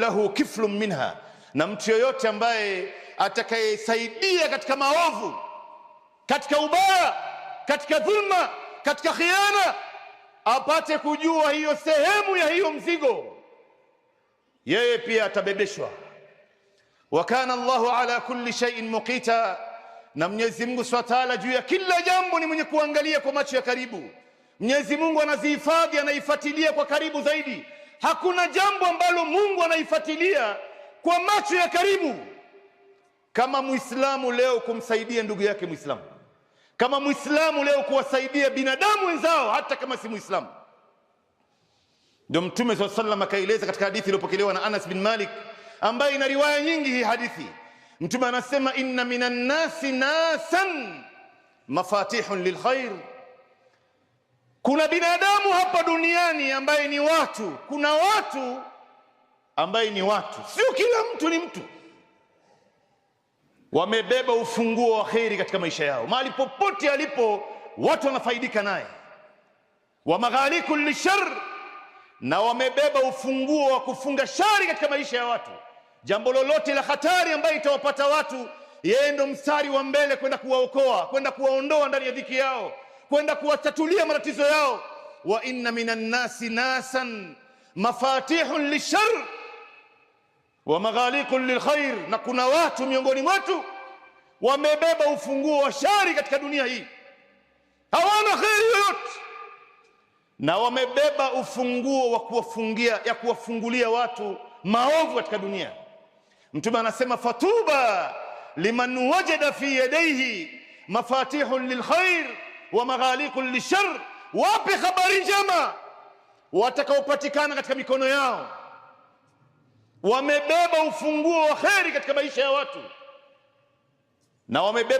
lahu kiflun minha, na mtu yoyote ambaye atakayesaidia katika maovu, katika ubaya, katika dhulma, katika khiana, apate kujua hiyo sehemu ya hiyo mzigo, yeye pia atabebeshwa. Wa kana Allahu ala kulli shay'in muqita, na Mwenyezi Mungu Subhanahu wa Ta'ala juu ya kila jambo ni mwenye kuangalia kwa macho ya karibu. Mwenyezi Mungu anazihifadhi, anaifuatilia kwa karibu zaidi hakuna jambo ambalo Mungu anaifuatilia kwa macho ya karibu kama Muislamu leo kumsaidia ndugu yake Muislamu, kama Muislamu leo kuwasaidia binadamu wenzao, hata kama si Muislamu. Ndio Mtume sa sallam akaeleza katika hadithi iliyopokelewa na Anas bin Malik, ambaye ina riwaya nyingi hii hadithi. Mtume anasema inna minan nasi nasan mafatihun lilkhair kuna binadamu hapa duniani ambaye ni watu, kuna watu ambaye ni watu, sio kila mtu ni mtu. Wamebeba ufunguo wa kheri katika maisha yao, mahali popote alipo watu wanafaidika naye, wa maghaliku lishar, na wamebeba ufunguo wa kufunga shari katika maisha ya watu. Jambo lolote la hatari ambayo itawapata watu, yeye ndo mstari wa mbele kwenda kuwaokoa, kwenda kuwaondoa ndani ya dhiki yao kwenda kuwatatulia matatizo yao. Wa inna minan nasi nasan mafatihun lishar wa maghaliqun lilkhair, na kuna watu miongoni mwetu wamebeba ufunguo wa shari katika dunia hii, hawana kheri yoyote, na wamebeba ufunguo wa kuwafungia ya kuwafungulia watu maovu katika dunia. Mtume anasema fatuba liman wajada fi yadayhi mafatihun lilkhair wa maghaliqu lishar, wape habari njema watakaopatikana katika mikono yao. Wamebeba ufunguo wa kheri katika maisha ya watu na wamebeba